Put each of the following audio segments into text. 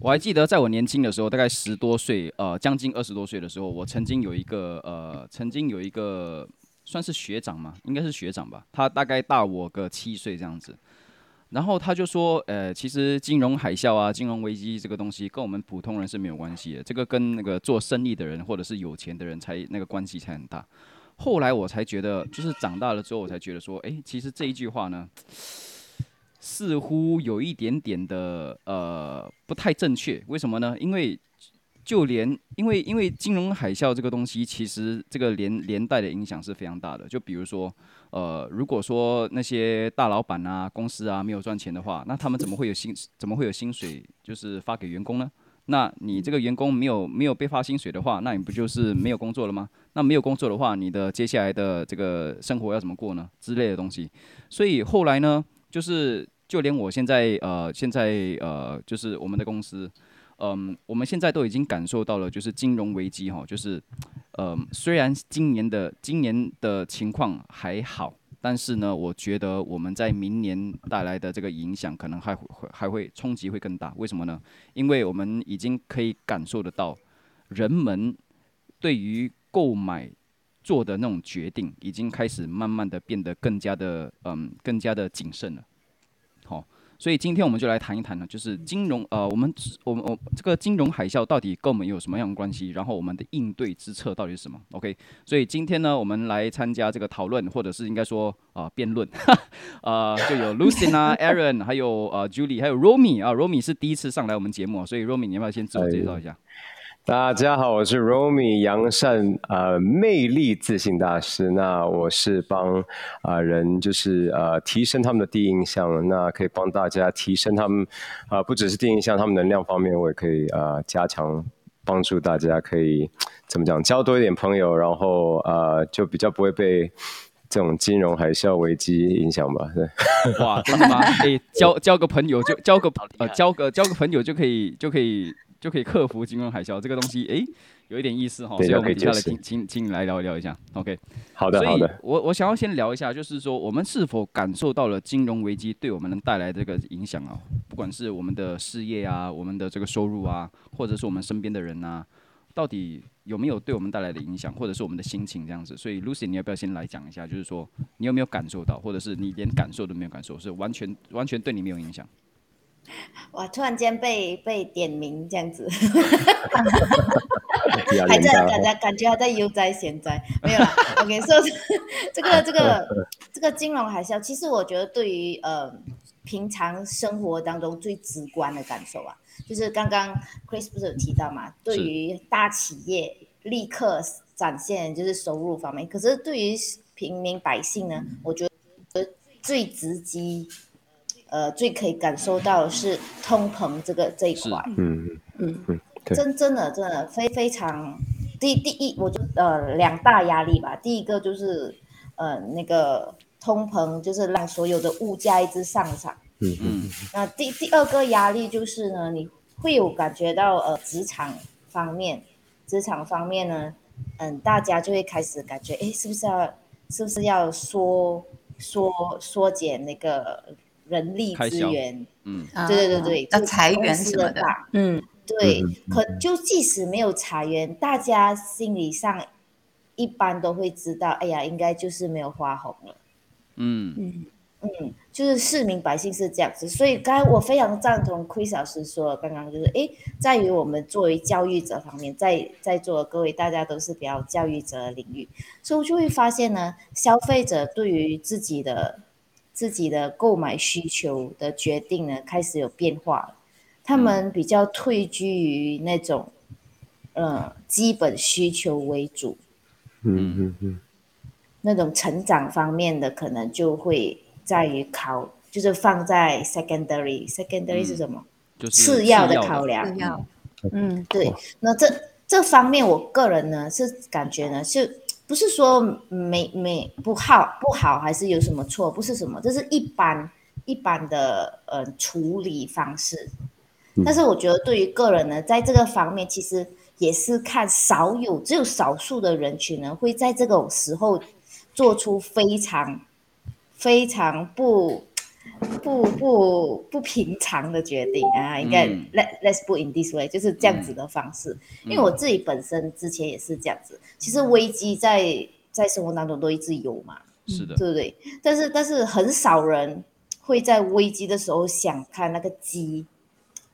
我還記得，在我年輕的時候，大概十多歲，呃，將近二十多歲的時候，我曾經有一個，呃，曾經有一個算是學長嘛，應該是學長吧，他大概大我個七歲這樣子。然後他就說，呃，其實金融海嘯啊，金融危機這個東西跟我們普通人是沒有關係的，這個跟那個做生意的人或者是有錢的人才那個關係才很大。後來我才覺得，就是長大了之後，我才覺得說，欸，其實這一句話呢。似乎有一點點的呃不太正確，為什麼呢？因為就連因為因為金融海嘯這個東西，其實這個連連帶的影響是非常大的。就比如說，呃，如果說那些大老闆啊、公司啊沒有賺錢的話，那他們怎麼會有薪？怎麼會有薪水？就是發給員工呢？那你這個員工沒有沒有被發薪水的話，那你不就是沒有工作了嗎？那沒有工作的話，你的接下來的這個生活要怎麼過呢？之類的東西。所以後來呢，就是就連我現在呃現在呃就是我們的公司，嗯我們現在都已經感受到了，就是金融危機哈、哦，就是，嗯雖然今年的今年的情況還好，但是呢我覺得我們在明年帶來的這個影響可能還還會衝擊會更大，為什麼呢？因為我們已經可以感受得到，人們對於購買。做的那種決定已經開始慢慢的變得更加的嗯，更加的謹慎了。好、哦，所以今天我們就來談一談呢，就是金融呃，我們我們我這個金融海嘯到底跟我們有什麼樣的關係？然後我們的應對之策到底是什麼？OK，所以今天呢，我們來參加這個討論，或者是應該說啊、呃、辯論啊、呃，就有 Lusin 啊，Aaron， 還有呃 Julie，還有 Romi 啊，Romi 是第一次上來我們節目，所以 Romi 你要不要先自我介紹一下？哎大家好，我是 Romi 楊善，呃，魅力自信大師。那我是幫啊、呃、人，就是呃提升他們的第一印象。那可以幫大家提升他們啊、呃，不只是第一印象，他們能量方面我也可以啊、呃、加強，幫助大家可以怎麼講，交多一點朋友，然後呃就比較不會被這種金融海嘯危機影響吧？對。哇，真的嗎？可 以、欸、交交個朋友就，就交個呃交個交個朋友就可以就可以。就可以克服金融海嘯這個東西，誒，有一點意思哈、哦，所以我們接下來請請請你來聊一聊一下，OK？好的所以，好的。我我想要先聊一下，就是說我們是否感受到了金融危機對我們能帶來這個影響啊、哦？不管是我們的事業啊，我們的這個收入啊，或者是我們身邊的人啊，到底有沒有對我們帶來的影響，或者是我們的心情這樣子？所以，Lucy，你要不要先來講一下，就是說你有沒有感受到，或者是你連感受都沒有感受，是完全完全對你沒有影響？哇！突然間被被點名這樣子， 還在感覺 感覺還在悠哉閒哉， 沒有了。OK，說、so, 這個 這個 這個金融海嘯，其實我覺得對於呃平常生活當中最直觀的感受啊，就是剛剛 Chris 不是有提到嘛，對於大企業立刻展現就是收入方面，可是對於平民百姓呢，嗯、我覺得最直接。呃，最可以感受到是通膨這個這一塊，嗯嗯，嗯真、okay. 真的真的非非常第第一，我就呃兩大壓力吧。第一個就是呃那個通膨，就是讓所有的物價一直上漲，嗯嗯。那第第二個壓力就是呢，你會有感覺到呃職場方面，職場方面呢，嗯、呃，大家就會開始感覺，哎，是不是要是不是要縮縮縮減那個。人力資源，嗯，對對對對，啊、就裁員什麼的嗯，對。可就即使沒有裁員、嗯，大家心理上一般都會知道，哎呀，應該就是沒有花紅了。嗯嗯嗯，就是市民百姓是這樣子。所以剛才我非常贊同 Chris 老師說，剛剛就是，哎，在於我們作為教育者方面，在在座各位大家都是比較教育者的領域，所以我就會發現呢，消費者對於自己的。自己的購買需求的決定呢，開始有變化，他們比較退居於那種，嗯、呃基本需求為主。嗯嗯嗯。那種成長方面的可能就會在於考，就是放在 secondary，嗯。secondary 是什麼？就是次要的、的考量。嗯，okay. 對。那這這方面，我個人呢是感覺呢是。不是說沒沒不好不好，還是有什麼錯？不是什麼，這是一般一般的呃處理方式。但是我覺得對於個人呢，在這個方面其實也是看少有，只有少數的人群呢會在這種時候做出非常非常不。不不不平常的決定啊，應該 let、嗯、let's put in this way，就是這樣子的方式，嗯。因為我自己本身之前也是這樣子。嗯，其實危機在在生活當中都一直有嘛，是的，嗯、對不對？但是但是很少人會在危機的時候想看那個機，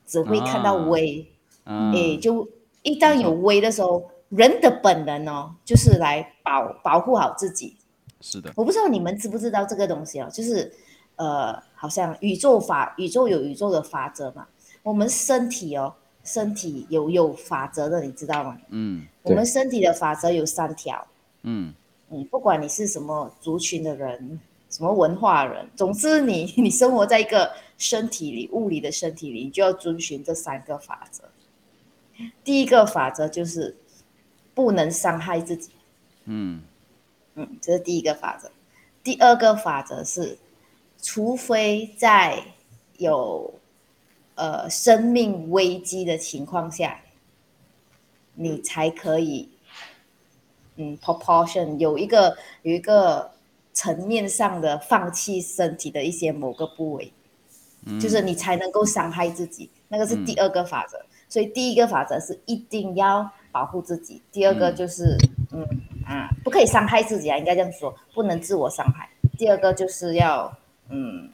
只會看到危。啊哎，嗯，就一旦有危的時候，嗯，人的本能哦，就是來保保護好自己。是的，我不知道你們知不知道這個東西啊，哦，就是。呃，好像宇宙法，宇宙有宇宙的法則嘛。我們身體哦，身體有有法則的，你知道嗎？嗯，我們身體的法則有三條。嗯，你不管你是什麼族群的人，什麼文化人，總之你你生活在一個身體裡，物理的身體裡，你就要遵循這三個法則。第一個法則就是不能傷害自己。嗯嗯，這是第一個法則。第二個法則是。除非在有呃生命危機的情況下，你才可以嗯 proportion 有一個有一個層面上的放棄身體的一些某個部位。嗯，就是你才能夠傷害自己。那個是第二個法則。嗯，所以第一個法則是一定要保護自己。第二個就是嗯，嗯、啊、不可以傷害自己啊，應該這樣說，不能自我傷害。第二個就是要。嗯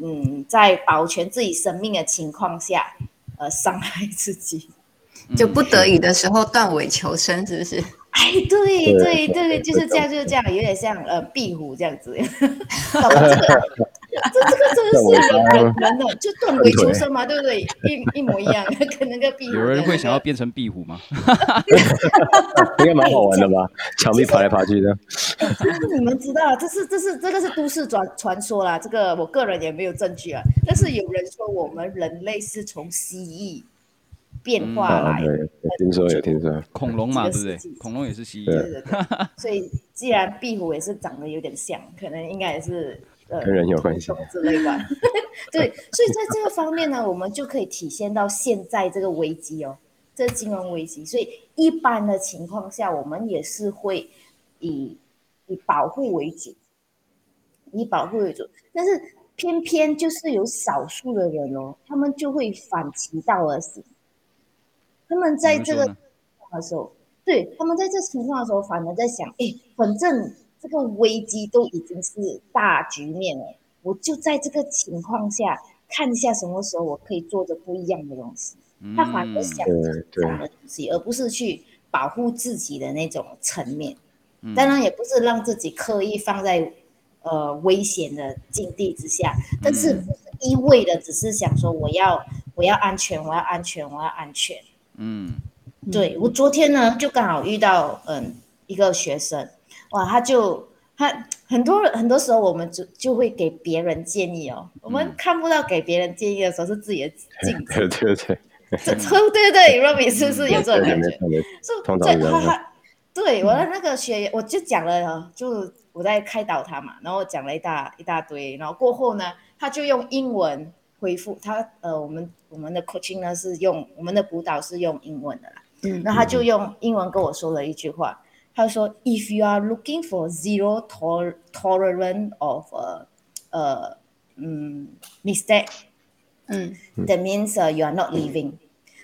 嗯，在保全自己生命的情況下，呃，傷害自己，就不得已的時候斷尾求生，是不是？嗯、哎，對對對，就是這樣就是這樣，有點像呃壁虎這樣子。 這兒 這這個真的是人人的，就斷尾求生嘛，對不對？一一模一樣，可能個壁虎。有人會想要變成壁虎嗎？ 應該蠻好玩的吧？牆、就、壁、是、爬來爬去的。 你們知道，這是這是，這，是這個是都市傳傳說啦，這個我個人也沒有證據啊。但是有人說，我們人類是從蜥蜴變化來的、嗯啊。聽說有聽，聽，聽說，恐龍嘛，是不是？恐龍也是蜥蜴，對 所以既然壁虎也是長得有點像，可能應該也是。跟人有關係，這、呃、類 對，所以在這個方面呢，我們就可以體現到現在這個危機哦，這個、金融危機，所以一般的情況下，我們也是會以以保護為主，以保護為主。但是偏偏就是有少數的人哦，他們就會反其道而行，他們在這個的時候，對他們在這情況的時候，時候反而在想，哎，反正。這個危機都已經是大局面了，我就在這個情況下看一下什麼時候我可以做着不一樣的東西。他反而想着這樣的東西，而不是去保護自己的那種層面。當然，也不是讓自己刻意放在呃危險的境地之下，但是一味的只是想說我要我要安全，我要安全，我要安全。嗯，對，我昨天呢，就剛好遇到嗯、呃、一個學生。哇，他就他很多人很多時候，我們就就會給別人建議哦、嗯。我們看不到給別人建議的時候是自己的鏡子 對對 ，對對對。對對對，Romy 是不是有這種感覺？就對，他他對我的那個學員，我就講了，就我在開導他嘛，嗯、然後講了一大一大堆，然後過後呢，他就用英文回復他。呃，我們我們的 coaching 呢是用我們的輔導是用英文的啦。嗯。那他就用英文跟我說了一句話。.他說：“If you are looking for zero tolerance of a, h、uh, um, mistake, um, that means uh you are not living.”、嗯、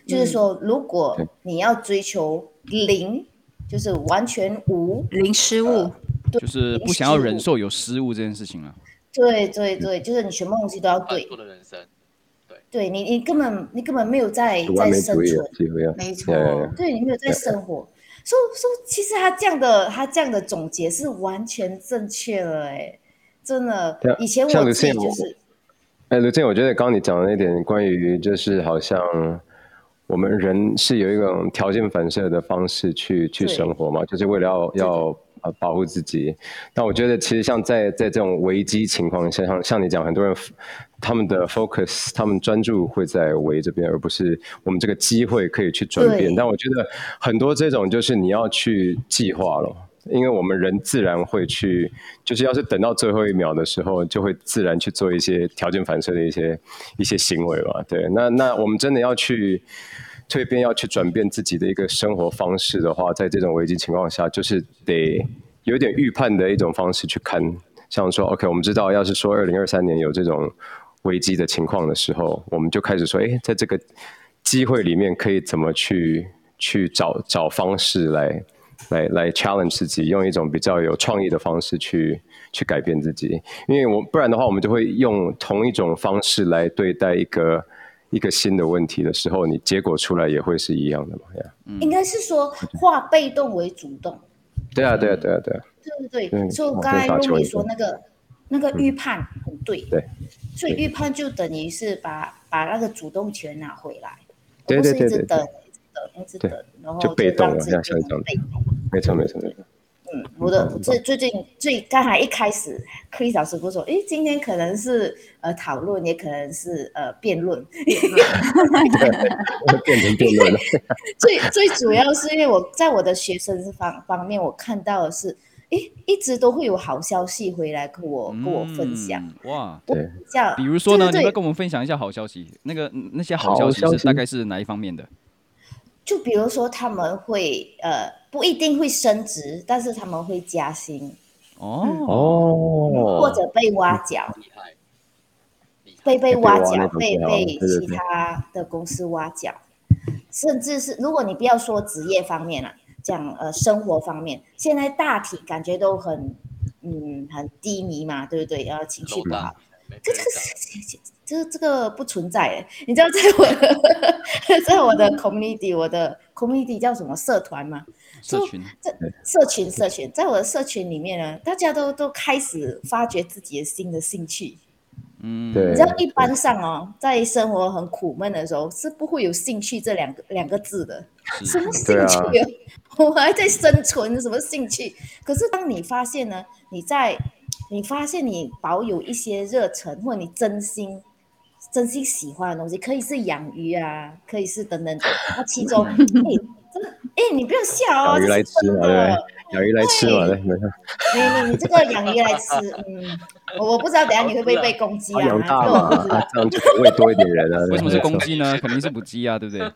就是說、嗯，如果你要追求零，嗯、就是完全無零失誤、呃，就是不想要忍受有失誤這件事情了、啊。對對對，就是你什麼東西都要對，嗯、對你你根本你根本沒有在有在生存，沒錯、啊，對你沒有在生活。啊。說說，其實他這樣的，他這樣的總結是完全正確了，哎，真的。像以前我自己就是，哎，Lusin，就是，我覺得剛剛你講的那點關於，就是好像我們人是有一種條件反射的方式去去生活嘛，就是為了要對對要。保護自己。但我覺得，其實像在在這種危機情況下，像像你講，很多人他們的 focus，他們專注會在危這邊，而不是我們這個機會可以去轉變。但我覺得很多這種就是你要去計劃了，因為我們人自然會去，就是要是等到最後一秒的時候，就會自然去做一些條件反射的一些一些行為吧。對，那那我們真的要去。蛻變要去轉變自己的一個生活方式的話，在這種危機情況下，就是得有點預判的一種方式去看，像說 OK，我們知道，要是說2023年有這種危機的情況的時候，我們就開始說，誒，在這個機會裡面可以怎麼去去找找方式來來來 challenge 自己，用一種比較有創意的方式去去改變自己，因為我不然的話，我們就會用同一種方式來對待一個。一個新的問題的時候，你結果出來也會是一樣的嘛？應該是說化被動為主動，對啊，對啊，對啊，對啊，對啊對、啊、對。所以我剛才跟你說那個那個預判很、嗯、對，對，對，所以預判就等於是把把那個主動權拿回來，對對對對，對對對對對，對然後對被動了，像像這樣子，沒錯，沒錯，沒錯。我的最最近最剛才一開始，Chris 老師傅說：“哎、欸，今天可能是呃討論，也可能是呃辯論。 ”變成辯論了 最最主要是因為我在我的學生方方面，我看到的是，、欸，一直都會有好消息回來跟我跟我分享。嗯、哇！比比如說呢，就是，、你要跟我們分享一下好消息？那個那些好消息，是好消息大概是哪一方面的？就比如說他們會呃。不一定會升職，但是他們會加薪，哦，、嗯、哦或者被挖角，被被挖角被挖、哦，被被其他的公司挖角，對對對，甚至是如果你不要說職業方面了、啊，講呃生活方面，現在大體感覺都很嗯很低迷嘛，對不對？然後情緒不好。就這這個這個不存在哎，你知道在我的在我的 community，我的 community 叫什麼社團嗎？社群、社群、社群，在我的社群裡面呢，大家都都開始發掘自己的新的興趣。嗯，對。你知道一般上哦，在生活很苦悶的時候，是不會有興趣這兩個兩個字的，什麼興趣啊？我還在生存什麼興趣？可是當你發現呢，你在你發現你保有一些熱忱，或你真心真心喜歡的東西，可以是養魚啊，可以是等等，那其中你可以。 哎、欸，你不要笑哦、啊！養魚來吃嘛，對不對？養魚來吃嘛，對，沒事。 你你你這個養魚來吃，嗯，我不知道等下你會不會被攻擊啊，啊？養大嘛，這樣就餵多一點人啊？為什麼是公雞呢？肯定 是母雞啊，對不對？啊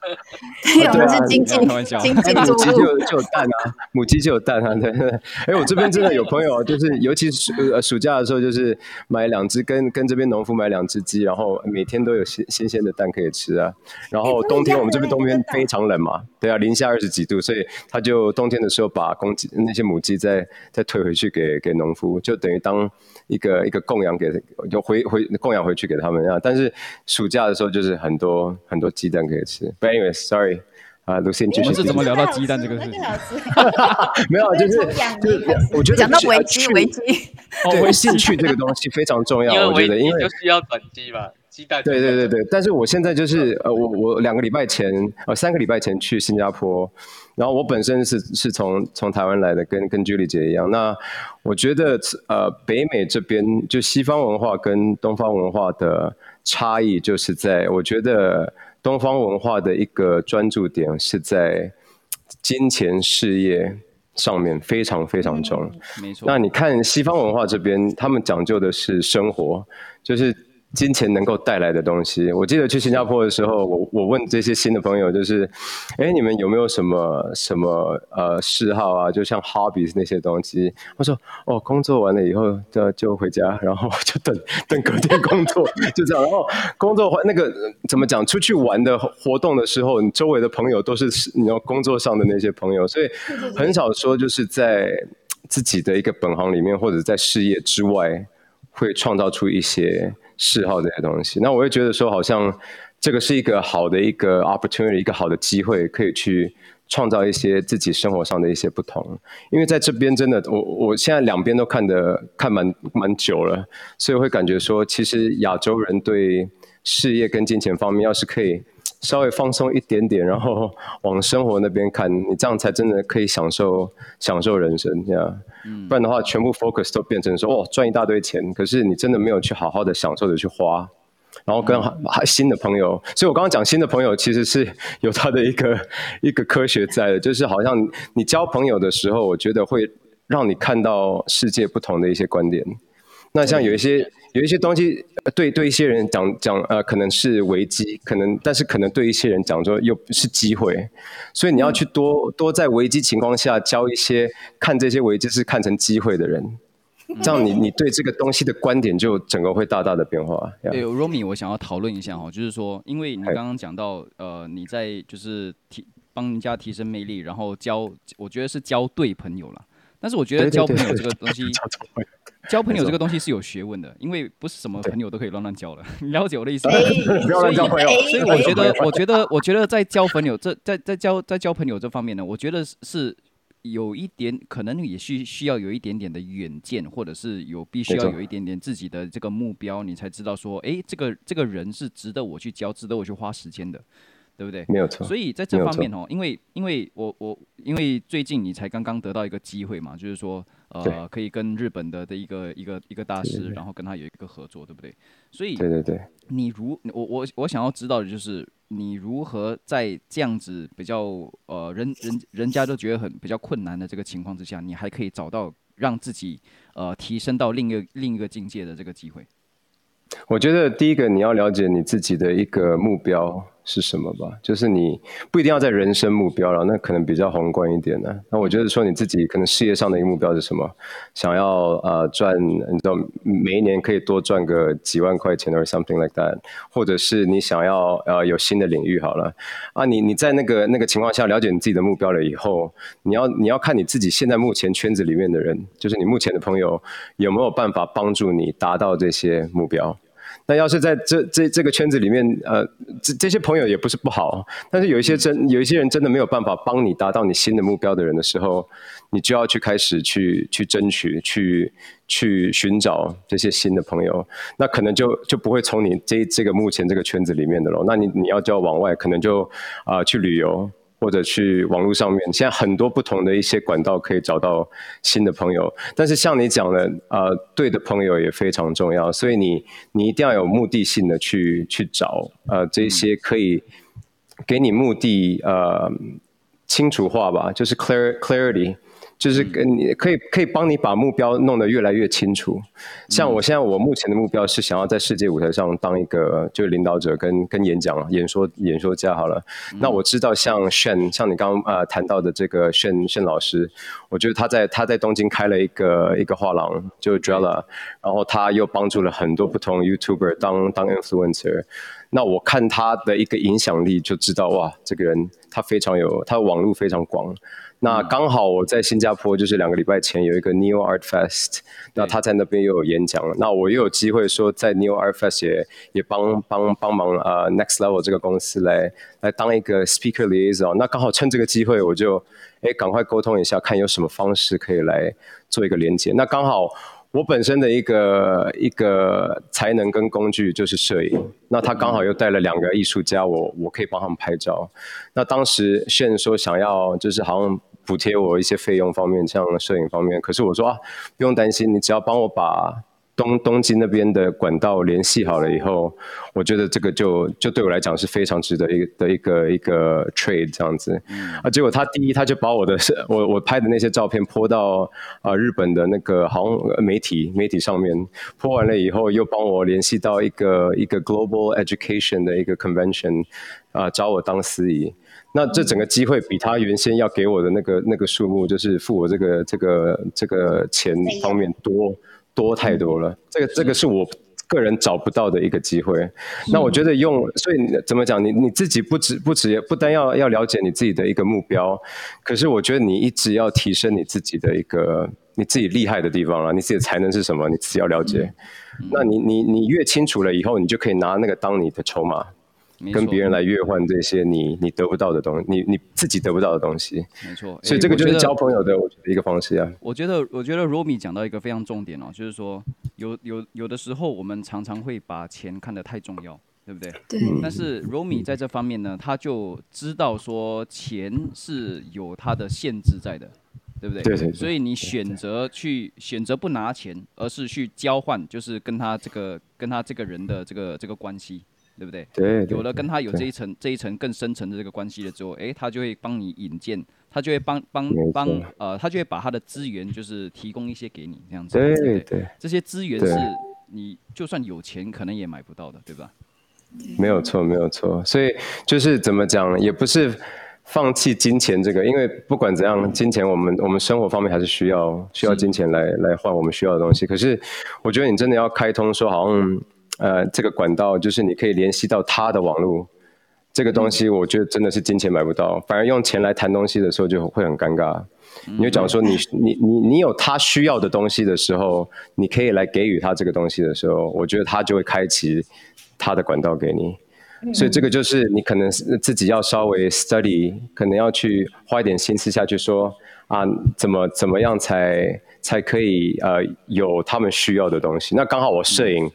對，啊對，啊、對，是、啊、開玩笑。啊、母雞就，就有蛋啊， 母雞就有蛋啊，對。哎、欸，我這邊真的有朋友、啊， 就是尤其是呃暑假的時候，就是買兩隻跟跟這邊農夫買兩隻雞，然後每天都有新新鮮的蛋可以吃啊。然後冬天我們這邊冬天非常冷嘛，對啊，零下。二十幾度，所以他就冬天的時候把公雞、那些母雞再再退回去給給農夫，就等於當一個一個供養給，又回回供養回去給他們啊。但是暑假的時候就是很多很多雞蛋可以吃。But anyway, sorry 啊，Lusin，我們是怎麼聊到雞蛋這個事情？這個事情、那個、 沒有，就是， 就是， 就 我覺得講到危機，危機哦，危機去這個東西非常重要，我覺得，因為危機就是要轉機吧。 期待期待對對對對，但是我現在就是、嗯、呃，我我兩個禮拜前呃三個禮拜前去新加坡，然後我本身是是從從台灣來的，跟跟 Julie 姐一樣。那我覺得呃北美這邊就西方文化跟東方文化的差異，就是在我覺得東方文化的一個專注點是在金錢事業上面非常非常重、嗯、沒錯。那你看西方文化這邊，他們講究的是生活，就是。金錢能夠帶來的東西。我記得去新加坡的時候，我我問這些新的朋友，就是，哎，你們有沒有什麼什麼呃嗜好啊？就像 hobbies 那些東西。他說，哦，工作完了以後，就就回家，然後就等等隔天工作 就這樣。然後工作那個怎麼講？出去玩的活動的時候，你周圍的朋友都是你要工作上的那些朋友，所以很少說就是在自己的一個本行裡面，或者在事業之外，會創造出一些。嗜好這些東西，那我會覺得說，好像這個是一個好的一個 opportunity，一個好的機會，可以去創造一些自己生活上的一些不同。因為在這邊真的，我我現在兩邊都看得看蠻蠻久了，所以我會感覺說，其實亞洲人對事業跟金錢方面，要是可以。稍微放鬆一點點，然後往生活那邊看，你這樣才真的可以享受享受人生，這樣、yeah、嗯、不然的話，全部 focus 都變成說哦賺一大堆錢，可是你真的沒有去好好的享受着去花，然後跟、嗯、新的朋友，所以我剛剛講新的朋友，其實是有他的一個一個科學在的，就是好像你，你交朋友的時候，我覺得會讓你看到世界不同的一些觀點。那像有一些。有一些東西，對對一些人講講，呃，可能是危機，可能，但是可能對一些人講說又不是機會，所以你要去多多在危機情況下教一些看這些危機是看成機會的人，這樣你 你對這個東西的觀點就整個會大大的變化，yeah 對。對，Romi，我想要討論一下哦，就是說，因為你剛剛講到，呃，你在就是提幫人家提升魅力，然後交我覺得是交對朋友了，但是我覺得交朋友這個東西對對對對。交朋友這個東西是有學問的，因為不是什麼朋友都可以亂亂交的，了解我的意思嗎？不要亂交朋友。所以我覺得，哎、我覺得、哎，我覺得在交朋友這，哎、在在交在交朋友這方面呢，我覺得是有一點，可能也需需要有一點點的遠見，或者是有必須要有一點點自己的這個目標，你才知道說，誒、哎，這個這個人是值得我去交，值得我去花時間的。對不對？沒有錯。所以在這方面哦，因為因為我我因為最近你才剛剛得到一個機會嘛，就是說呃，可以跟日本的的一個一個一個大師對對對，然後跟他有一個合作，對不對？所以對對對，你如我我我想要知道的就是你如何在這樣子比較呃人人人家都覺得很比較困難的這個情況之下，你還可以找到讓自己呃提升到另一個另一個境界的這個機會？我覺得第一個你要了解你自己的一個目標。是什麼吧？就是你不一定要在人生目標了，那可能比較宏觀一點呢，啊。那我覺得說你自己可能事業上的一個目標是什麼？想要呃賺，你知道每一年可以多賺個幾萬塊錢，or something like that，或者是你想要呃有新的領域好了。啊，你你在那個那個情況下了解你自己的目標了以後，你要你要看你自己現在目前圈子裡面的人，就是你目前的朋友有沒有辦法幫助你達到這些目標？那要是在這這這個圈子裡面，呃，這這些朋友也不是不好，但是有一些真有一些人真的沒有辦法幫你達到你新的目標的人的時候，你就要去開始去去爭取，去去尋找這些新的朋友，那可能就就不會從你這這個目前這個圈子裡面的咯，那你你要就要往外，可能就啊、呃、去旅遊。或者去網絡上面，現在很多不同的一些管道可以找到新的朋友。但是像你講的，呃，對的朋友也非常重要，所以你你一定要有目的性的去去找，呃，這些可以給你目的，呃，清楚化吧，就是 clarity。就是跟你可以可以幫你把目標弄得越來越清楚。像我現在我目前的目標是想要在世界舞台上當一個就是領導者跟跟演講、演說、演說家好了。那我知道像炫，像你剛剛呃談到的這個炫炫老師，我覺得他在他在東京開了一個一個畫廊，就是 Jolla，然後他又幫助了很多不同 YouTuber 當當 influencer。那我看他的一個影響力就知道哇，這個人他非常有，他的網路非常廣。那剛好我在新加坡，就是兩個禮拜前有一個 New Art Fest，那他在那邊又有演講，那我又有機會說在 New Art Fest 也也幫幫幫忙啊、uh,，Next Level 這個公司來來當一個 speaker liaison。那剛好趁這個機會，我就哎趕快溝通一下，看有什麼方式可以來做一個連接。那剛好我本身的一個一個才能跟工具就是攝影，那他剛好又帶了兩個藝術家，我我可以幫他們拍照。那當時雖然說想要就是好像。補貼我一些費用方面，這樣的攝影方面，可是我說啊，不用擔心，你只要幫我把東東京那邊的管道聯繫好了以後，我覺得這個就就對我來講是非常值得一的一個一個 trade 這樣子，啊，結果他第一他就把我的是，我我拍的那些照片潑到啊、呃、日本的那個行媒體媒體上面，潑完了以後又幫我聯繫到一個一個 global education 的一個 convention，啊，找我當司儀，那這整個機會比他原先要給我的那個那個數目，就是付我這個這個這個錢方面多。多太多了，嗯、這個這個是我個人找不到的一個機會。嗯、那我覺得用，所以怎麼講？你你自己不止不止，不單要要了解你自己的一個目標，可是我覺得你一直要提升你自己的一個你自己厲害的地方了。你自己的才能是什麼？你自己要了解。嗯、那你你你越清楚了以後，你就可以拿那個當你的籌碼。跟別人來交換這些你你得不到的東西，你你自己得不到的東西。沒錯、欸，所以這個就是交朋友的我覺得一個方式啊。欸、我覺得我覺得 Romi 講到一個非常重點哦，就是說有有有的時候我們常常會把錢看得太重要，對不對？對。但是 Romi 在這方面呢，他就知道說錢是有它的限制在的，對不對對，對，對。所以你選擇去選擇不拿錢，而是去交換，就是跟他這個跟他這個人的這個這個關係。對不對？對，對，有了跟他有這一層這一層更深層的這個關係了之後，哎、欸，他就會幫你引薦，他就會幫幫幫呃，他就會把他的資源就是提供一些給你這，這樣子。對對，對，這些資源是你就，對對對對你就算有錢可能也買不到的，對吧？沒有錯，沒有錯。所以就是怎麼講呢，也不是放棄金錢這個，因為不管怎樣，金錢我們我們生活方面還是需要需要金錢來來換我們需要的東西。可是我覺得你真的要開通，說好像、嗯。呃，這個管道就是你可以聯繫到他的網絡，這個東西我覺得真的是金錢買不到，嗯、反而用錢來談東西的時候就會很尷尬。嗯、你就講說你你你你有他需要的東西的時候，你可以來給予他這個東西的時候，我覺得他就會開啟他的管道給你、嗯。所以這個就是你可能自己要稍微 study，可能要去花一點心思下去說啊，怎麼怎麼樣才才可以呃有他們需要的東西。那剛好我攝影。嗯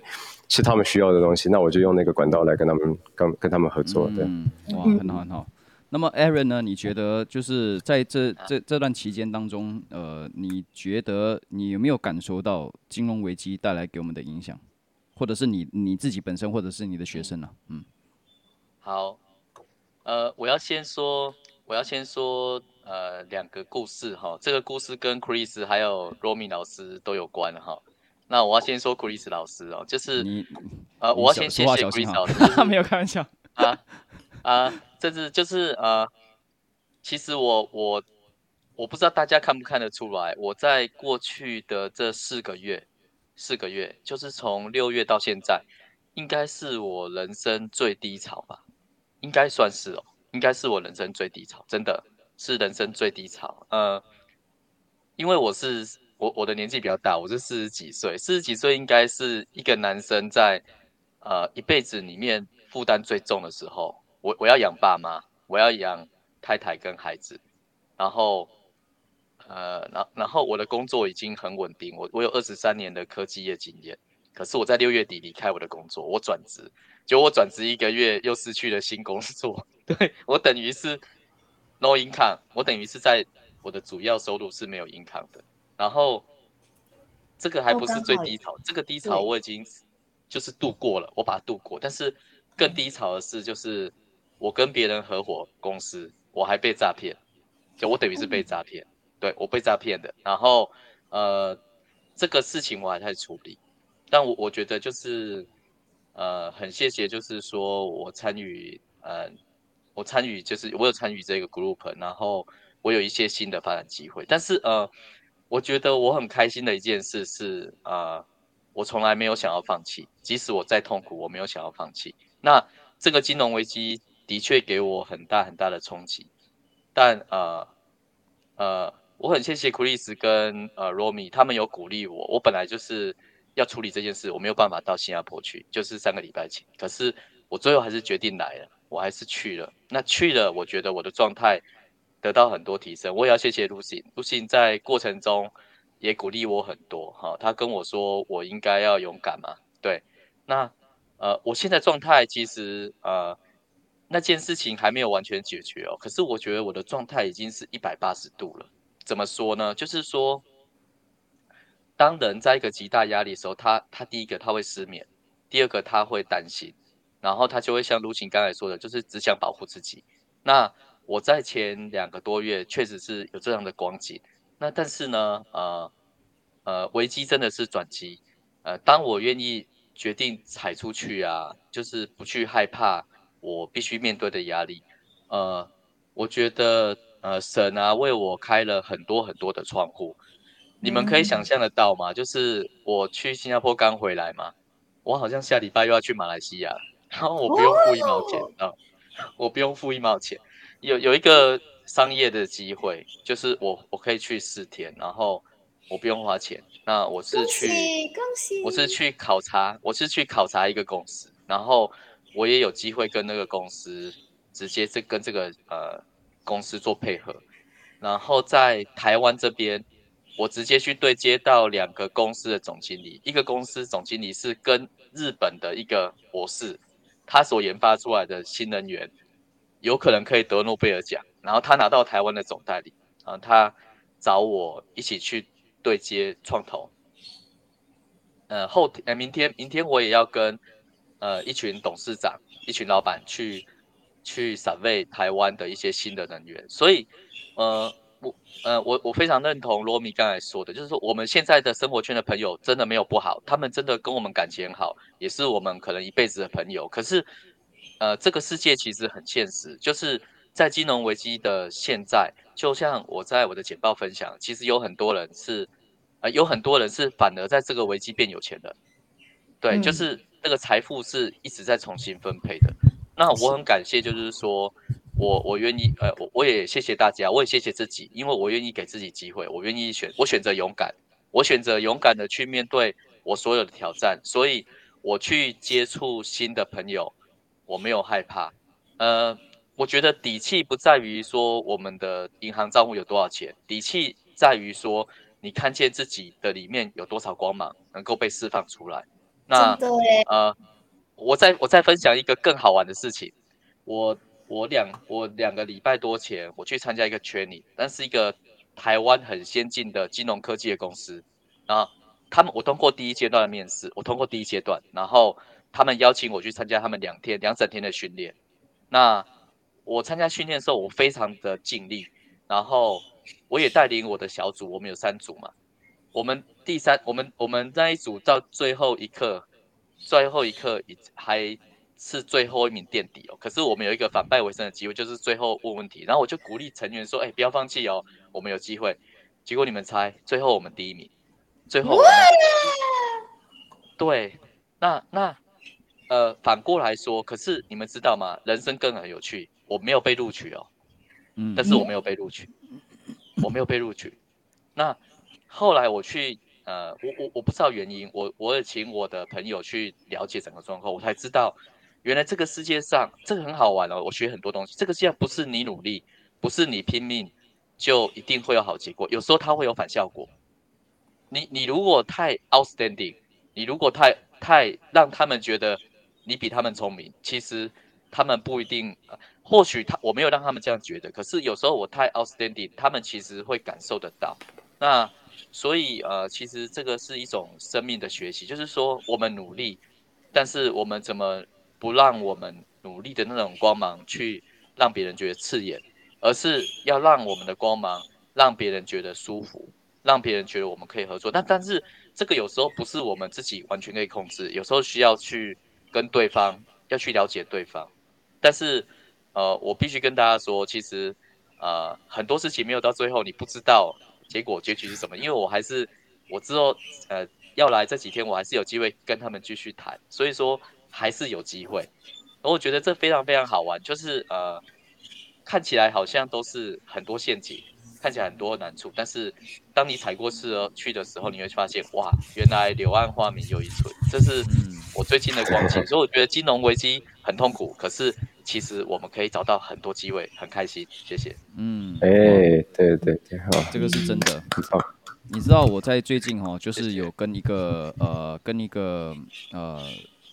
是他們需要的東西，那我就用那個管道來跟他們跟跟他們合作。對，嗯、哇，很好很好，嗯。那麼 Aaron 呢？你覺得就是在這這這段期間當中，呃，你覺得你有沒有感受到金融危機帶來給我們的影響，或者是你你自己本身，或者是你的學生呢、啊？嗯，好，呃，我要先說我要先說呃兩個故事哈，這個故事跟 Chris 還有 Romy 老師都有關哈。那我要先說 Chris 老師哦，就是呃，我要先謝謝 Chris 老師，就是，他 沒有開玩笑啊啊，這、啊、是就是呃，其實我我我不知道大家看不看得出來，我在過去的這四個月四個月，就是從六月到現在，應該是我人生最低潮吧，應該算是哦，應該是我人生最低潮，真的是人生最低潮，呃，因為我是。我我的年紀比較大，我是四十幾歲，四十幾歲應該是一個男生在，呃，一輩子裡面負擔最重的時候。我我要養爸媽，我要養太太跟孩子，然後，呃，然後然後我的工作已經很穩定，我我有二十三年的科技業經驗，可是我在六月底離開我的工作，我轉職，就我轉職一個月又失去了新工作，對，我等於是 no income，我等於是在我的主要收入是沒有 income 的。然後，這個還不是最低潮，這個低潮我已經就是度過了，我把它度過。但是更低潮的是，就是我跟別人合夥公司，我還被詐騙，就我等於是被詐騙，嗯、對我被詐騙的。然後呃，這個事情我還在處理，但我我覺得就是呃，很謝謝，就是說我參與，呃，我參與就是我有參與這個 group，然後我有一些新的發展機會，但是呃。我覺得我很開心的一件事是，呃，我從來沒有想要放棄，即使我再痛苦，我沒有想要放棄。那這個金融危機的確給我很大很大的衝擊，但呃呃，我很謝謝 Chris 跟呃羅米他們有鼓勵我。我本來就是要處理這件事，我沒有辦法到新加坡去，就是三個禮拜前。可是我最後還是決定來了，我還是去了。那去了，我覺得我的狀態。得到很多提升，我也要謝謝 Lusin。Lusin 在過程中也鼓勵我很多，哈、啊，他跟我說我應該要勇敢嘛。對，那呃，我現在狀態其實呃，那件事情還沒有完全解決哦，可是我覺得我的狀態已經是一百八十度了。怎麼說呢？就是說，當人在一個極大壓力的時候，他他第一個他會失眠，第二個他會擔心，然後他就會像 Lusin 剛才說的，就是只想保護自己。那我在前兩個多月確實是有這樣的光景，那但是呢，呃，呃，危機真的是轉機，呃，當我願意決定踩出去啊，就是不去害怕我必須面對的壓力，呃，我覺得呃，神啊為我開了很多很多的窗戶。嗯，你們可以想象得到嗎？就是我去新加坡剛回來嘛，我好像下禮拜又要去馬來西亞，然後我不用付一毛錢，哦，啊，我不用付一毛錢。有有一個商業的機會，就是我我可以去四天，然後我不用花錢。那我是去，恭喜恭喜！我是去考察，我是去考察一個公司，然後我也有機會跟那個公司直接這跟這個呃公司做配合。然後在台灣這邊，我直接去對接到兩個公司的總經理，一個公司總經理是跟日本的一個博士，他所研發出來的新能源。有可能可以得諾貝爾獎，然後他拿到台灣的總代理，啊，他找我一起去對接創投。呃，後天，呃，明天，明天我也要跟呃一群董事長、一群老板去去 survey 台灣的一些新的人員。所以，呃，我，呃，我，我非常認同羅米剛才說的，就是說我們現在的生活圈的朋友真的沒有不好，他們真的跟我們感情很好，也是我們可能一輩子的朋友。可是。呃，這個世界其實很現實，就是在金融危機的現在，就像我在我的簡報分享，其實有很多人是，呃，有很多人是反而在這個危機變有錢的，對，嗯。就是這個財富是一直在重新分配的。那我很感謝，就是說我我願意，呃，我我也謝謝大家，我也謝謝自己，因為我願意給自己機會，我願意選，我選擇勇敢，我選擇勇敢的去面對我所有的挑戰，所以我去接觸新的朋友。我沒有害怕，呃，我覺得底氣不在於說我們的銀行賬戶有多少錢，底氣在於說你看見自己的裡面有多少光芒能夠被釋放出來。那呃，我再我再分享一個更好玩的事情，我我兩我兩個禮拜多前我去參加一個圈裡，但是一個台灣很先進的金融科技的公司，啊，他們我通過第一階段的面試，我通過第一階段，然後。他們邀請我去參加他們兩天兩整天的訓練，那我參加訓練的時候，我非常的盡力，然後我也帶領我的小組，我們有三組嘛，我們第三，我們我們那一組到最後一刻，最後一刻還是最後一名墊底哦，可是我們有一個反敗為勝的機會，就是最後問問題，然後我就鼓勵成員說，哎、欸，不要放棄哦，我們有機會。結果你們猜，最後我們第一名，最後問問題 對，那那。呃，反過來說，可是你們知道嗎？人生更很有趣。我沒有被錄取哦，嗯，但是我沒有被錄取，我沒有被錄取。那後來我去，呃，我我我不知道原因，我我也請我的朋友去了解整個狀況，我才知道，原來這個世界上，這個很好玩哦。我學很多東西，這個世界不是你努力，不是你拼命，就一定會有好結果。有時候它會有反效果。你你如果太 outstanding，你如果太太讓他們覺得。你比他們聰明，其實他們不一定，呃，或許他我沒有讓他們這樣覺得。可是有時候我太 outstanding，他們其實會感受得到。那所以呃，其實這個是一種生命的學習，就是說我們努力，但是我們怎麼不讓我們努力的那種光芒去讓別人覺得刺眼，而是要讓我們的光芒讓別人覺得舒服，讓別人覺得我們可以合作。但但是這個有時候不是我們自己完全可以控制，有時候需要去。跟對方，要去了解對方，但是呃，我必須跟大家說，其實呃，很多事情沒有到最後你不知道結果結局是什麼。因為我還是我之後呃要來這幾天，我還是有機會跟他們繼續談，所以說還是有機會。我覺得這非常非常好玩，就是呃，看起來好像都是很多陷阱，看起來很多難處，但是當你踩過刺去的時候，你會發現哇，原來柳暗花明又一村，這是。我最近的光景， 所以我覺得金融危機很痛苦。可是其實我們可以找到很多機會，很開心。謝謝。嗯，哎、嗯，對對對好，這個是真的。你知道，你知道我在最近哈、哦，就是有跟一個謝謝呃，跟一個呃，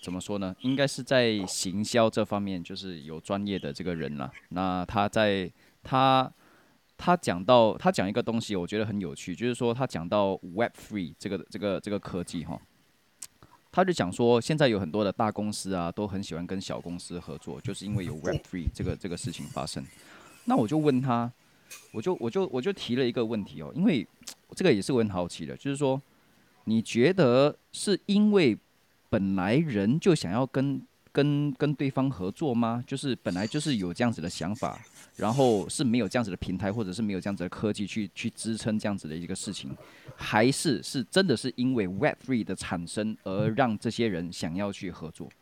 怎麼說呢？應該是在行銷這方面，就是有專業的這個人了。那他在他他講到他講一個東西，我覺得很有趣，就是說他講到 Web Three 這個這個這個科技哈、哦。他就講說，現在有很多的大公司啊，都很喜歡跟小公司合作，就是因為有 Web3 這個這個事情發生。那我就問他，我就我就我就提了一個問題哦，因為這個也是我很好奇的，就是說，你覺得是因為本來人就想要跟？跟跟對方合作嗎？就是本來就是有這樣子的想法，然後是沒有這樣子的平台，或者是沒有這樣子的科技去去支撐這樣子的一個事情，還是是真的是因為 Web3 的產生而讓這些人想要去合作？嗯。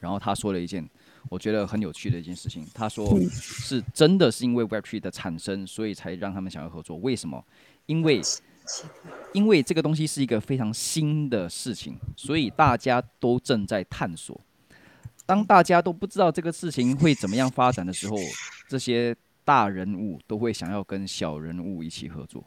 然後他說了一件我覺得很有趣的一件事情，他說是真的是因為 Web3 的產生，所以才讓他們想要合作。為什麼？因為因為這個東西是一個非常新的事情，所以大家都正在探索。當大家都不知道這個事情會怎麼樣發展的時候， 這些大人物都會想要跟小人物一起合作。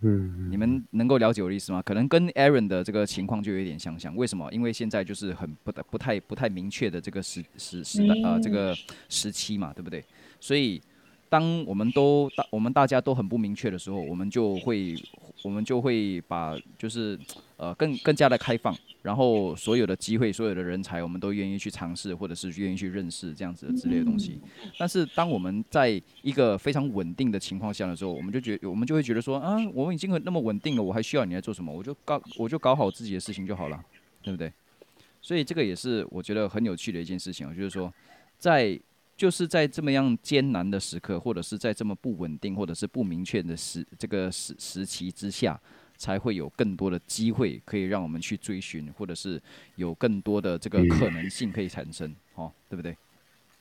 嗯 你們能夠了解我的意思嗎？可能跟 Aaron 的這個情況就有一點相像，像。為什麼？因為現在就是很不太不太不太明確的這個時時時代啊、呃，這個時期嘛，對不對？所以，當我們都大我們大家都很不明確的時候，我們就會我們就會把就是。呃，更更加的開放，然後所有的機會，所有的人才，我們都願意去嘗試，或者是願意去認識這樣子的之類的東西。但是，當我們在一個非常穩定的情況下的時候，我們就覺，我們就會覺得說，啊，我們已經很那麼穩定了，我還需要你來做什麼？我就搞，我就搞好自己的事情就好了，對不對？所以，這個也是我覺得很有趣的一件事情哦，就是說在，在就是在這麼樣艱難的時刻，或者是在這麼不穩定或者是不明確的時這個時時期之下。才會有更多的機會可以讓我們去追尋，或者是有更多的這個可能性可以產生，哦，對不對？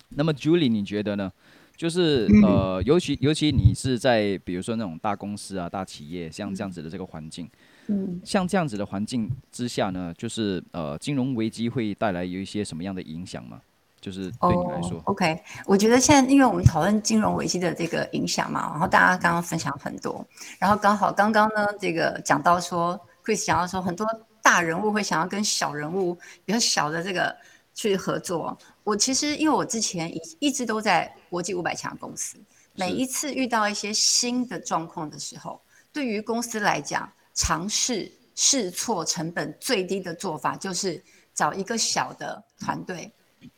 那麼 Julie，你覺得呢？就是呃，尤其尤其你是在比如說那種大公司啊、大企業像這樣子的這個環境，嗯，像這樣子的環境之下呢，就是呃，金融危機會帶來有一些什麼樣的影響嗎？就是對你來說。Oh, OK。我覺得現在，因為我們討論金融危機的這個影響嘛，然後大家剛剛分享很多，mm -hmm. 然後剛好剛剛呢，這個講到說，Chris 講到說，到說很多大人物會想要跟小人物、比較小的這個去合作。我其實因為我之前一一直都在國際五百強公司，每一次遇到一些新的狀況的時候，對於公司來講，嘗試試錯成本最低的做法，就是找一個小的團隊。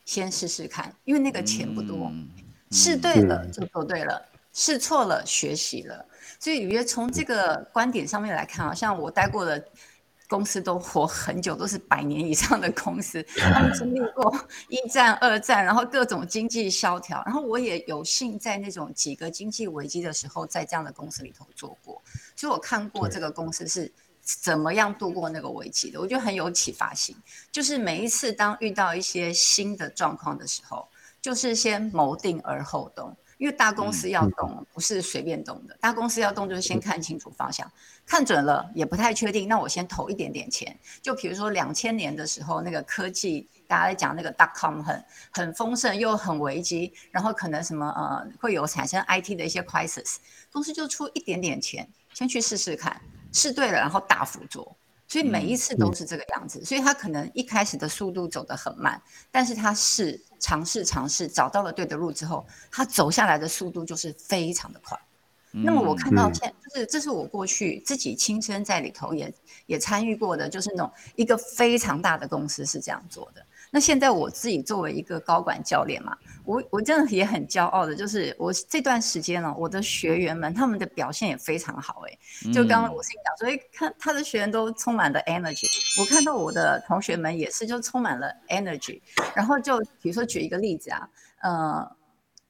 先試試看，因為那個錢不多，試、嗯嗯、對了就做對了，試錯了學習了。所以我覺得從這個觀點上面來看啊，好像我待過的公司都活很久，都是百年以上的公司，他們經歷過一戰、二戰，然後各種經濟蕭條，然後我也有幸在那種幾個經濟危機的時候，在這樣的公司裡頭做過。所以我看過這個公司是。怎麼樣度過那個危機的？我覺得很有啟發性。就是每一次當遇到一些新的狀況的時候，就是先謀定而後動。因為大公司要動，不是隨便動的。大公司要動，就是先看清楚方向，看準了也不太確定，那我先投一點點錢。就比如說兩千年的時候，那個科技大家在講那個 dot com 很很豐盛又很危機，然後可能什麼呃會有產生 IT 的一些 crisis，公司就出一點點錢，先去試試看。試對了，然後大幅做，所以每一次都是這個樣子，嗯。所以他可能一開始的速度走得很慢，但是他試嘗試嘗試找到了對的路之後，他走下來的速度就是非常的快。嗯，那麼我看到現就是這是我過去自己親身在裡頭也也參與過的，就是那種一個非常大的公司是這樣做的。那現在我自己作為一個高管教練嘛，我我真的也很驕傲的，就是我這段時間我的學員們他們的表現也非常好。欸、就剛剛我跟你講，所以看他的學員都充滿了 energy，我看到我的同學們也是就充滿了 energy。然後就比如說舉一個例子啊，呃，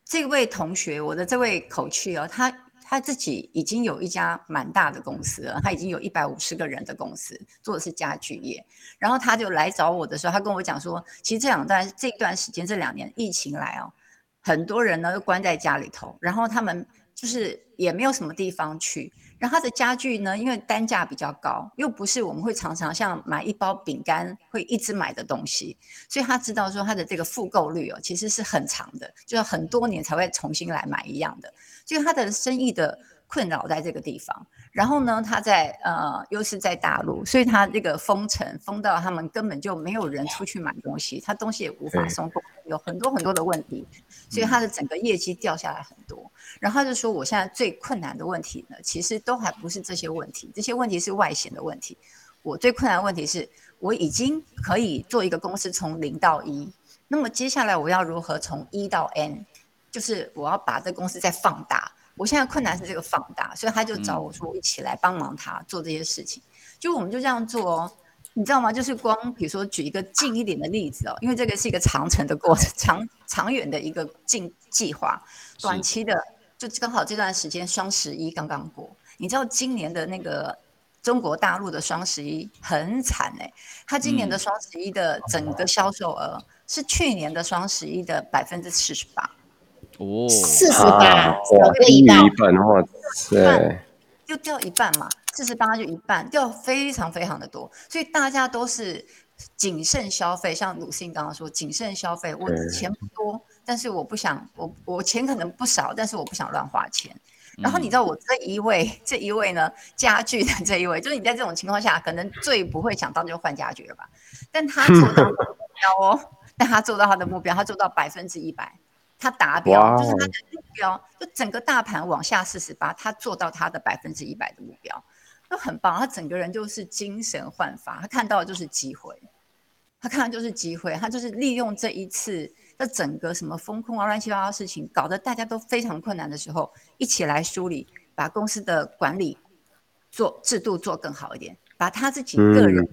這位同學我的這位口氣哦，他，他自己已經有一家蠻大的公司了，他已經有一百五十個人的公司，做的是家具業。然後他就來找我的時候，他跟我講說，其實這兩段這段時間，這兩年疫情來哦、啊，很多人呢都關在家裡頭，然後他們。就是也沒有什麼地方去，然後他的家具呢，因為單價比較高，又不是我們會常常像買一包餅乾會一直買的東西，所以他知道說他的這個複購率哦，其實是很長的，就要很多年才會重新來買一樣的，所以他的生意的困擾在這個地方。然後呢，他在呃，又是在大陸，所以他這個封城封到他們根本就沒有人出去買東西，他東西也無法送過，有很多很多的問題，所以他的整個業績掉下來很多。嗯、然後他就說，我現在最困難的問題呢，其實都還不是這些問題，這些問題是外顯的問題。我最困難的問題是我已經可以做一個公司從零到一，那麼接下來我要如何從一到 N，就是我要把這公司再放大。我現在困難是這個放大，所以他就找我說，我一起來幫忙他做這些事情、嗯。就我們就這樣做哦，你知道嗎？就是光比如說舉一個近一點的例子哦，因為這個是一個長程的過程，長長遠的一個進計劃，短期的就剛好這段時間雙十一剛剛過，你知道今年的那個中國大陸的雙十一很慘哎、欸，它今年的雙十一的整個銷售額是去年的雙十一的百分之四十八。哦、oh，四十八，掉了一半，對，就掉一半嘛，四十八就一半，掉非常非常的多，所以大家都是謹慎消費。像 Lusin 剛剛說，謹慎消費，我的錢不多，但是我不想，我我錢可能不少，但是我不想亂花錢。然後你知道，我這一位、嗯、這一位呢，家具的這一位，就是你在這種情況下，可能最不會想到就換家具了吧，但他做到目標哦， 但他做到他的目標，他做到百分之一百。他達標，Wow. 就是他的目標，就整個大盤往下四十八，他做到他的百分之一百的目標，就很棒。他整個人就是精神煥發，他看到的就是機會，他看到的就是機會，他就是利用這一次，那整個什麼風控啊、亂七八糟事情，搞得大家都非常困難的時候，一起來梳理，把公司的管理做制度做更好一點，把他自己個人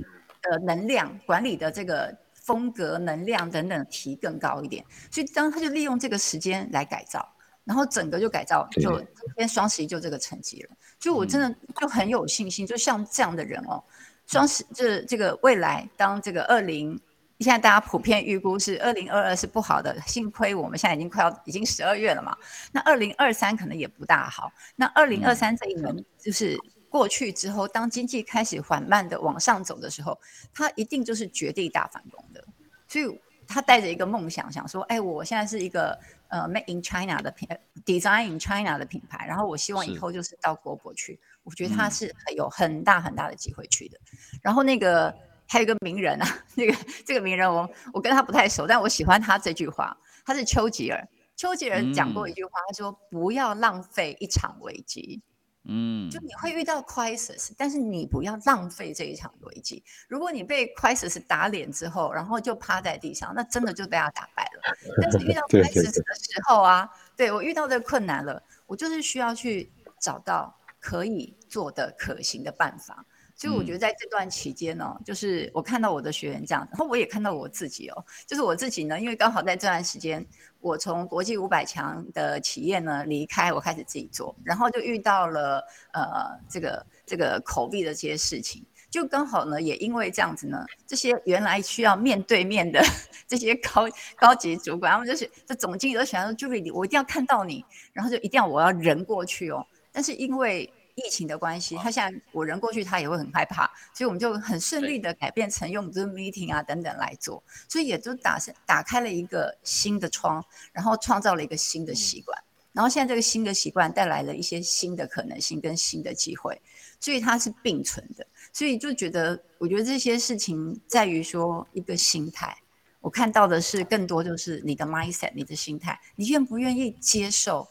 的能量、嗯、管理的這個。風格、能量等等提更高一點，所以當他就利用這個時間來改造，然後整個就改造，就今天雙十一就這個成績了。就我真的就很有信心，就像這樣的人哦。雙十這這個未來，當這個二零，現在大家普遍預估是二零二二是不好的，幸虧我們現在已經快要已經十二月了嘛。那二零二三可能也不大好，那二零二三這一年就是。過去之後，當經濟開始緩慢的往上走的時候，他一定就是絕地大反攻的。所以，他帶着一個夢想，想說：“哎、欸，我現在是一個呃，Made in China 的品牌，Design in China 的品牌。然後，我希望以後就是到國博去。我覺得他是有很大很大的機會去的。嗯、然後，那個還有一個名人啊，那個這個名人我，我我跟他不太熟，但我喜歡他這句話。他是丘吉爾，丘吉爾講過一句話，嗯、他說：“不要浪費一場危機。”嗯， 就你會遇到 crisis，但是你不要浪費這一場危機。如果你被 crisis 打臉之後，然後就趴在地上，那真的就被他打敗了。但是遇到 crisis 的時候啊， 對，對，對，對，我遇到的困難了，我就是需要去找到可以做的可行的辦法。所以我覺得在這段期間呢、哦， 就是我看到我的學員這樣，然後我也看到我自己哦，就是我自己呢，因為剛好在這段時間。我從國際五百強的企業呢離開，我開始自己做，然後就遇到了呃這個這個 COVID 的這些事情，就剛好呢，也因為這樣子呢，這些原來需要面對面的這些高高級主管，他們就是這總經理都想要說 Julie，我一定要看到你，然後就一定要我要人過去哦，但是因為，疫情的關係，他現在我人過去，他也會很害怕，所以我們就很順利的改變成用 Zoom meeting 啊等等來做，所以也都打是打開了一個新的窗，然後創造了一個新的習慣，然後現在這個新的習慣帶來了一些新的可能性跟新的機會，所以它是並存的，所以就覺得我覺得這些事情在於說一個心態，我看到的是更多就是你的 mindset 你的心態，你願不願意接受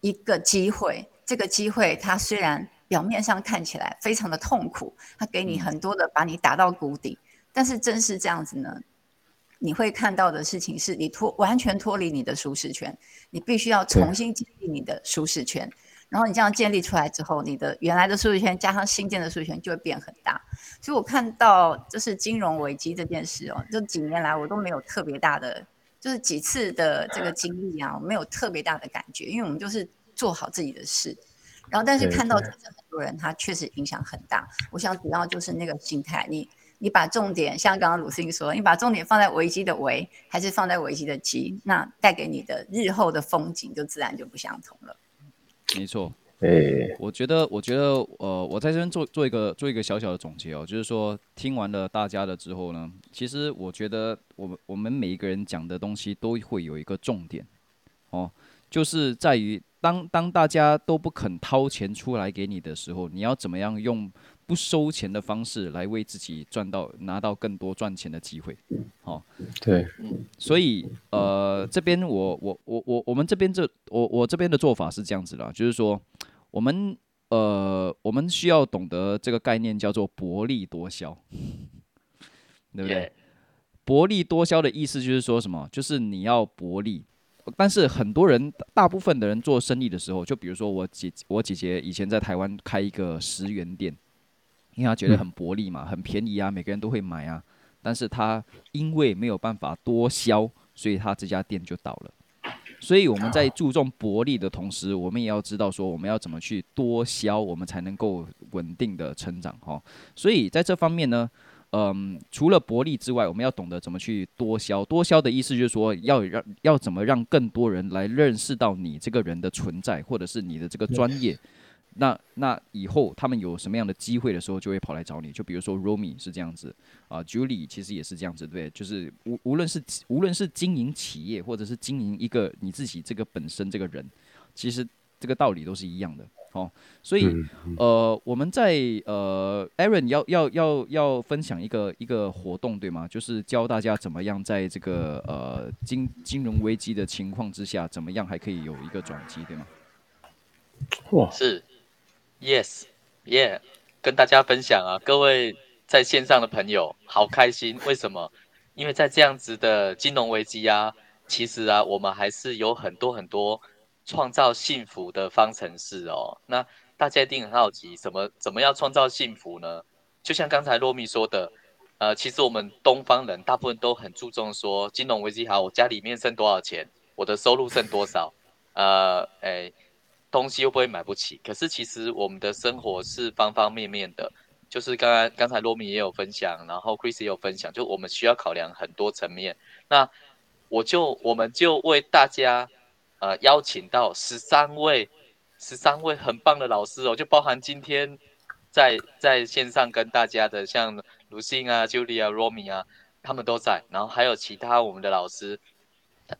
一個機會。這個機會，它雖然表面上看起來非常的痛苦，它給你很多的，把你打到谷底，但是正是這樣子呢，你會看到的事情是你脫完全脫離你的舒適圈，你必須要重新建立你的舒適圈，然後你這樣建立出來之後，你的原來的舒適圈加上新建的舒適圈就會變很大。所以我看到就是金融危機這件事哦，這幾年來我都沒有特別大的，就是幾次的這個經歷啊，我沒有特別大的感覺，因為我們就是。做好自己的事，然後但是看到真正很多人，他確實影響很大。我想主要就是那個心態，你你把重點，像剛剛魯昕說，你把重點放在危機的危，還是放在危機的機，那帶給你的日後的風景就自然就不相同了。沒錯，哎，我覺得，我覺得，呃，我在這邊做做一個做一個小小的總結哦，就是說聽完了大家的之後呢，其實我覺得我們我們每一個人講的東西都會有一個重點，哦，就是在於。當當大家都不肯掏錢出來給你的時候，你要怎麼樣用不收錢的方式來為自己賺到拿到更多賺錢的機會？好、哦，對，嗯、所以呃，這邊我我我我我們這邊這我我這邊的做法是這樣子的，就是說我們呃我們需要懂得這個概念叫做薄利多銷，對不對？Yeah. 薄利多銷的意思就是說什麼？就是你要薄利。但是很多人，大部分的人做生意的時候，就比如說我姐，我姐姐以前在台灣開一個十元店，因為她覺得很薄利嘛，很便宜啊，每個人都會買啊。但是她因為沒有辦法多銷，所以她這家店就倒了。所以我們在注重薄利的同時，我們也要知道說我們要怎麼去多銷，我們才能夠穩定的成長哈、哦。所以在這方面呢。嗯，除了薄利之外，我們要懂得怎麼去多銷。多銷的意思就是說，要讓要怎麼讓更多人來認識到你這個人的存在，或者是你的這個專業。Yes. 那那以後他們有什麼樣的機會的時候，就會跑來找你。就比如說 Romy 是這樣子啊，呃，Julie 其實也是這樣子，對，就是無無論是無論是經營企業，或者是經營一個你自己這個本身這個人，其實這個道理都是一樣的。哦、oh，所以、嗯嗯、呃，我們在呃，Aaron 要要要要分享一個一個活動，對嗎？就是教大家怎麼樣在這個呃金金融危機的情況之下，怎麼樣還可以有一個轉機，對嗎？哇，是，Yes，Yeah，跟大家分享啊，各位在線上的朋友，好開心，為什麼？因為在這樣子的金融危機啊，其實啊，我們還是有很多很多。創造幸福的方程式哦，那大家一定很好奇，怎麼怎麼樣創造幸福呢？就像剛才洛米說的，呃，其實我們東方人大部分都很注重說金融危機好，我家裡面剩多少錢，我的收入剩多少， 呃，誒、欸，東西又不會買不起。可是其實我們的生活是方方面面的，就是剛才剛才洛米也有分享，然後 Chris 也有分享，就我們需要考量很多層面。那我就我們就為大家，呃，邀請到十三位，十三位很棒的老師哦，就包含今天在在線上跟大家的，像 Lusin 啊、Julia、Romi 啊，他們都在，然後還有其他我們的老師，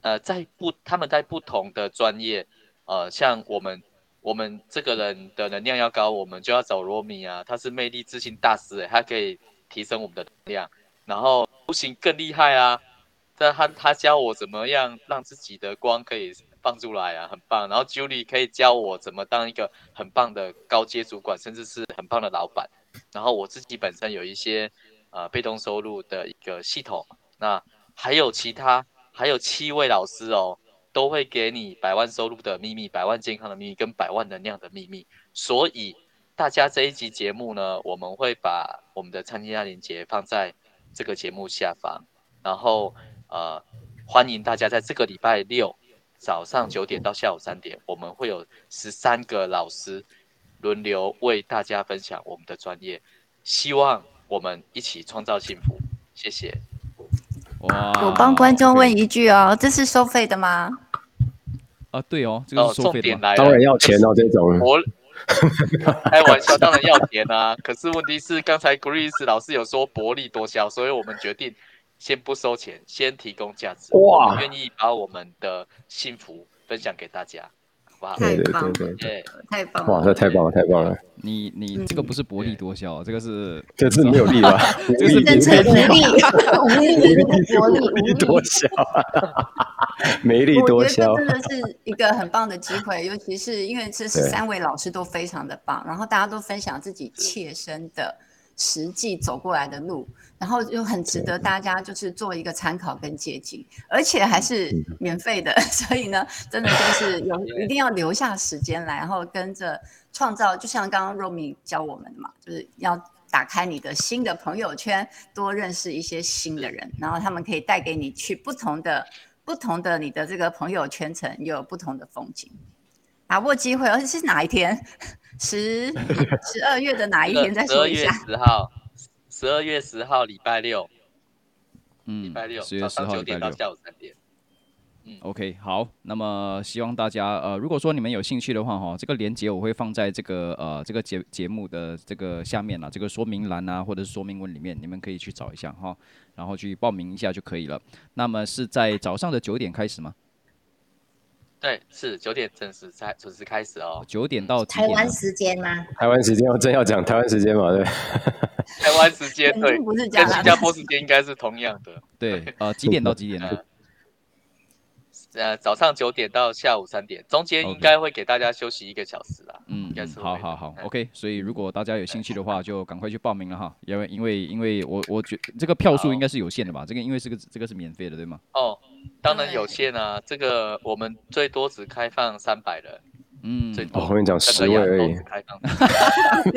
呃，在不，他們在不同的專業，呃，像我們我們這個人的能量要高，我們就要找 Romi 啊，他是魅力自信大師，他可以提升我們的能量，然後 Lusin 更厲害啊，但他他教我怎麼樣讓自己的光可以。放出來啊，很棒！然後 Julie 可以教我怎麼當一個很棒的高階主管，甚至是很棒的老闆。然後我自己本身有一些呃被動收入的一個系統。那還有其他還有七位老師哦，都會給你百萬收入的秘密、百萬健康的秘密跟百萬能量的秘密。所以大家這一集節目呢，我們會把我們的參加連結放在這個節目下方。然後呃，歡迎大家在這個禮拜六。早上九點到下午三點，嗯，我們會有十三個老師輪流為大家分享我們的專業，希望我們一起創造幸福。謝謝。哇！我幫觀眾問一句哦，okay. 這是收費的嗎？啊，對哦，這個收費的，哦。重點來了，當然要錢哦，就是，這種薄，開，哎，玩笑，當然要錢啊。 可是問題是，剛才 Chris 老師有說薄利多銷，所以我們決定。先不收錢，先提供價值，我願意把我們的幸福分享給大家，好不好？對對了對對對對對，太棒了，對對對，哇，太棒了！哇，太棒了，太棒了！你你這個不是薄利多銷，嗯，這個是，嗯、 這是沒有利吧？ 這是真利，福利，福 利，無 無無無無多銷，啊，哈哈哈哈哈，沒利多銷，啊。 我覺得這真的是一個很棒的機會， 尤其是因為這13位老師都非常的棒，然後大家都分享自己切身的。實際走過來的路，然後就很值得大家就是做一個參考跟借鑑，而且還是免費的，所以呢，真的就是有一定要留下時間來，然後跟着創造，就像剛剛若明教我們的嘛，就是要打開你的新的朋友圈，多認識一些新的人，然後他們可以帶給你去不同的、不同的你的這個朋友圈層，有不同的風景。把握機會、哦，而且是哪一天？十十二月的哪一天再說一下。十 二月十號，十二月十號，禮拜六。嗯，禮拜六。十二月十號，到下午三點。嗯，OK，好。那麼希望大家，呃，如果說你們有興趣的話，哈，這個鏈接我會放在這個，呃，這個節節目的這個下面了，這個說明欄啊，或者是說明文裡面，你們可以去找一下哈，然後去報名一下就可以了。那麼是在早上的九點開始嗎？對，是九點準時開準時開始哦，九點到幾點？台灣時間嗎？台灣時間我真要講台灣時間嘛，對，台灣時間 對 跟新加坡時間應該是同樣的。對， 呃，幾點到幾點呢？ 呃，早上九點到下午三點，中間應該會給大家休息一個小時啦。嗯，應該是好，好，好，好、嗯，好，OK。所以如果大家有興趣的話，嗯、就趕快去報名了哈，因為因為因為我我覺得這個票數應該是有限的吧？這個因為是個這個是免費的，對嗎？哦，當然有限啊，這個我們最多只開放三百人。嗯，最多哦，我跟你講，十位而已。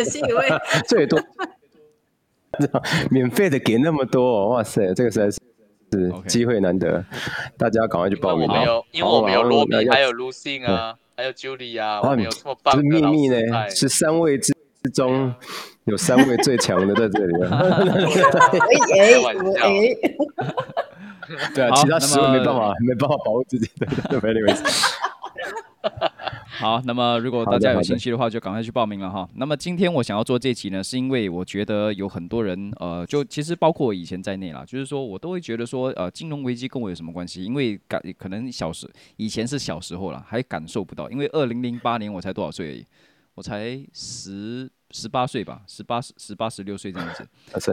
十位， 最多。 免費的給那麼多、哦，哇塞，這個實在是。機會難得，okay, 大家趕快去報名有。有，因為我們有羅密還有 Lusin 啊、嗯，還有 Julie，、啊嗯啊嗯、我們有這麼班。啊就是祕密呢、欸，是三位之中。有三位最強的在這裡了，對啊，其他十位沒辦法，沒辦法保護自己。Anyways， 好的，那麼如果大家有興趣的話，就趕快去報名了哈。那麼今天我想要做這期呢，是因為我覺得有很多人，呃，就其實包括我以前在內啦，就是說我都會覺得說，呃，金融危機跟我有什麼關係？因為感可能小時以前是小時候啦，還感受不到，因為二零零八年我才多少歲而已？我才十。十八歲吧，十八十十八十六歲這樣子，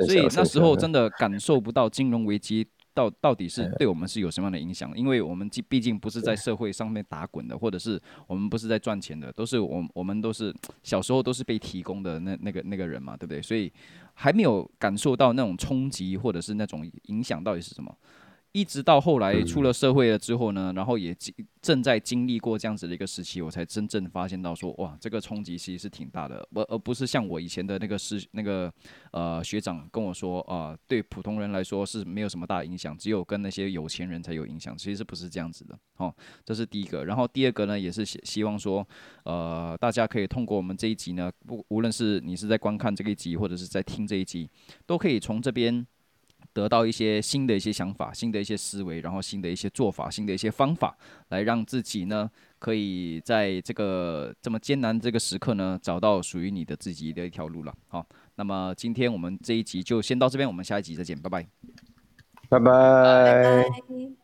所以那時候真的感受不到金融危機到到底是對我們是有什麼樣的影響，嗯，因為我們既畢竟不是在社會上面打滾的，或者是我們不是在賺錢的，都是我們我們都是小時候都是被提供的那那個那個人嘛，對不對？所，so, 以還沒有感受到那種衝擊或者是那種影響到底是什麼。一直到後來出了社會了之後呢，嗯、然後也經正在經歷過這樣子的一個時期，我才真正發現到說，哇，這個衝擊其實是挺大的，而而不是像我以前的那個是那個呃學長跟我說啊、呃，對普通人來說是沒有什麼大影響，只有跟那些有錢人才有影響，其實不是這樣子的，哦，這是第一個。然後第二個呢，也是希希望說，呃，大家可以通過我們這一集呢，不無論是你是在觀看這一集，或者是在聽這一集，都可以從這邊。得到一些新的一些想法，新的一些思維，然後新的一些做法，新的一些方法，來讓自己呢可以在這個這麼艱難這個時刻呢，找到屬於你的自己的一條路了。好，那麼今天我們這一集就先到這邊，我們下一集再見，拜拜，拜拜。Bye bye